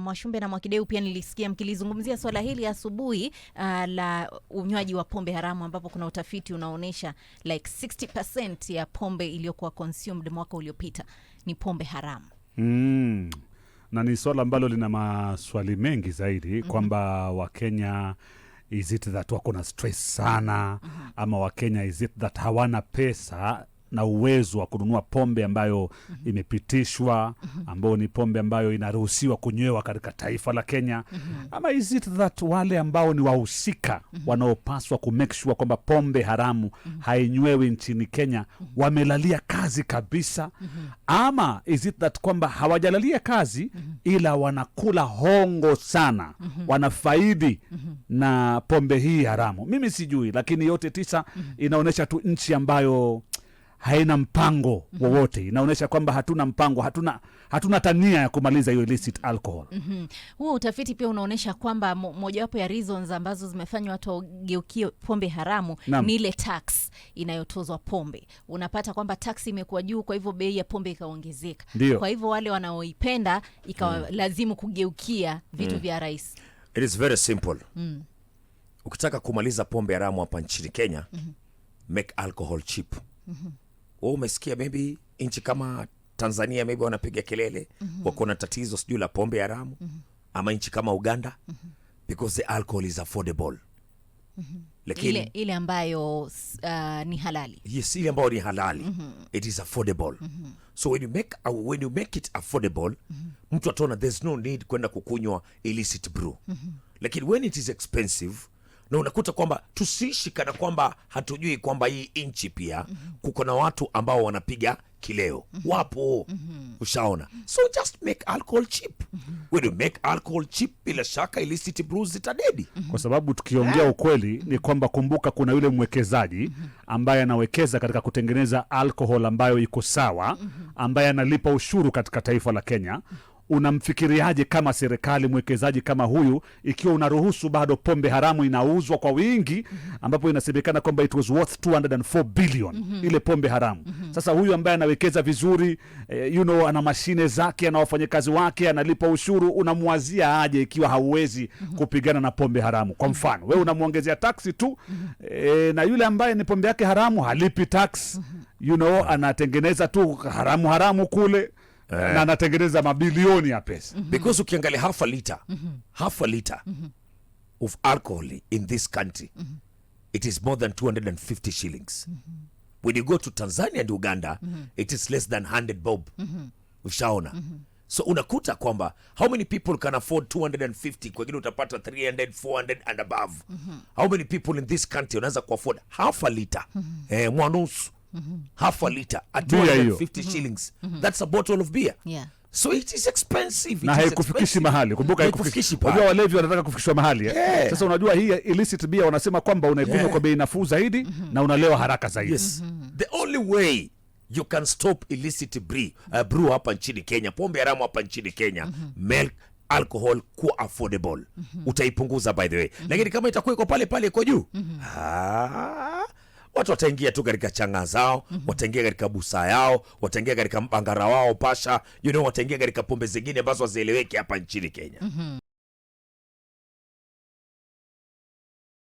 Mwashumbe na Mwakideu pia nilisikia mkilizungumzia swala hili asubuhi uh, la unywaji wa pombe haramu ambapo kuna utafiti unaonyesha like 60% ya pombe iliyokuwa consumed mwaka uliopita ni pombe haramu mm. Na ni swala ambalo lina maswali mengi zaidi mm -hmm. kwamba Wakenya is it that wako na stress sana mm -hmm. ama Wakenya is it that hawana pesa na uwezo wa kununua pombe ambayo mm -hmm. imepitishwa mhm. ambayo ni pombe ambayo inaruhusiwa kunywewa katika taifa la Kenya mm -hmm. ama is it that wale ambao ni wahusika mm -hmm. wanaopaswa ku sure kwamba pombe haramu mm -hmm. hainywewi nchini Kenya mm -hmm. wamelalia kazi kabisa mm -hmm. ama is it that kwamba hawajalalia kazi mm -hmm. ila wanakula hongo sana mm -hmm. wanafaidi mm -hmm. na pombe hii haramu. Mimi sijui, lakini yote tisa mm -hmm. inaonyesha tu nchi ambayo haina mpango mm -hmm. wowote. Inaonyesha kwamba hatuna mpango, hatuna hatuna tania ya kumaliza hiyo illicit alcohol mm -hmm. Huo utafiti pia unaonyesha kwamba mojawapo ya reasons ambazo zimefanywa watu wageukie pombe haramu ni ile tax inayotozwa pombe. Unapata kwamba tax imekuwa juu, kwa hivyo bei ya pombe ikaongezeka. Kwa hivyo wale wanaoipenda ikawalazimu mm. kugeukia vitu mm. vya rais It is very simple mm. ukitaka kumaliza pombe haramu hapa nchini Kenya mm -hmm. make alcohol cheap mm -hmm wewe oh, umesikia maybe nchi kama Tanzania maybe wanapiga kelele mm -hmm. wako na tatizo sijui la pombe haramu mm -hmm. ama nchi kama Uganda mm -hmm. because the alcohol is affordable mm -hmm. lakini ile, ile ambayo uh, ni halali yes, ile ambayo ni halali mm -hmm. it is affordable mm -hmm. so when you make uh, when you make it affordable mm -hmm. mtu ataona there's no need kwenda kukunywa illicit brew mm -hmm. lakini when it is expensive na unakuta kwamba tusiishi kana kwamba hatujui kwamba hii nchi pia mm -hmm. kuko na watu ambao wanapiga kileo mm -hmm. wapo mm -hmm. ushaona, mhm. so just make alcohol cheap mm -hmm. when you make alcohol cheap, bila shaka illicit brews zitadedi mm -hmm. kwa sababu tukiongea yeah. ukweli ni kwamba kumbuka, kuna yule mwekezaji mhm. ambaye anawekeza katika kutengeneza alcohol ambayo iko sawa, mhm. ambaye analipa ushuru katika taifa la Kenya unamfikiriaje kama serikali mwekezaji kama huyu, ikiwa unaruhusu bado pombe haramu inauzwa kwa wingi, ambapo inasemekana kwamba it was worth 204 billion mm -hmm. ile pombe haramu mm -hmm. Sasa huyu ambaye anawekeza vizuri eh, you know, ana mashine zake, ana wafanyakazi wake, analipa ushuru, unamwazia aje ikiwa hauwezi mm -hmm. kupigana na pombe haramu? Kwa mhm. mfano mm -hmm. wewe mhm. unamwongezea taksi tu mm -hmm. eh, na yule ambaye ni pombe yake haramu halipi tax mm -hmm. you know, anatengeneza tu haramu haramu kule eh, na anatengeneza mabilioni ya pesa mm-hmm. because ukiangalia half a liter mm-hmm. half a liter mm-hmm. of alcohol in this country it is more than 250 shillings when you go to Tanzania and Uganda it is less than 100 bob ushaona so unakuta kwamba how many people can afford 250 kwengine utapata 300 400 and above how many people in this country unaweza kuafford half a liter eh, mwanusu Mm-hmm. half a liter at 250 mm-hmm. shillings. Mm-hmm. That's a bottle of beer. Yeah. So it is expensive. It na haikufikishi mahali. Kumbuka haikufikishi. Unajua walevi wanataka kufikishwa mahali. Eh? Yeah. Sasa unajua hii illicit bia wanasema kwamba unaikunywa yeah, kwa bei nafuu zaidi mm -hmm. na unalewa haraka zaidi. Yes. Mm -hmm. The only way you can stop illicit brew, uh, brew hapa nchini Kenya, pombe haramu hapa nchini Kenya, mm -hmm. milk alcohol kuwa affordable. Mm -hmm. Utaipunguza by the way. Mm -hmm. Lakini kama itakuwa iko pale pale iko juu. Mm -hmm. Ah watu wataingia tu katika changa zao mm -hmm. Wataingia katika busa yao, wataingia katika mbangara wao pasha, you know, wataingia katika pombe zingine ambazo hazieleweki hapa nchini Kenya mm -hmm.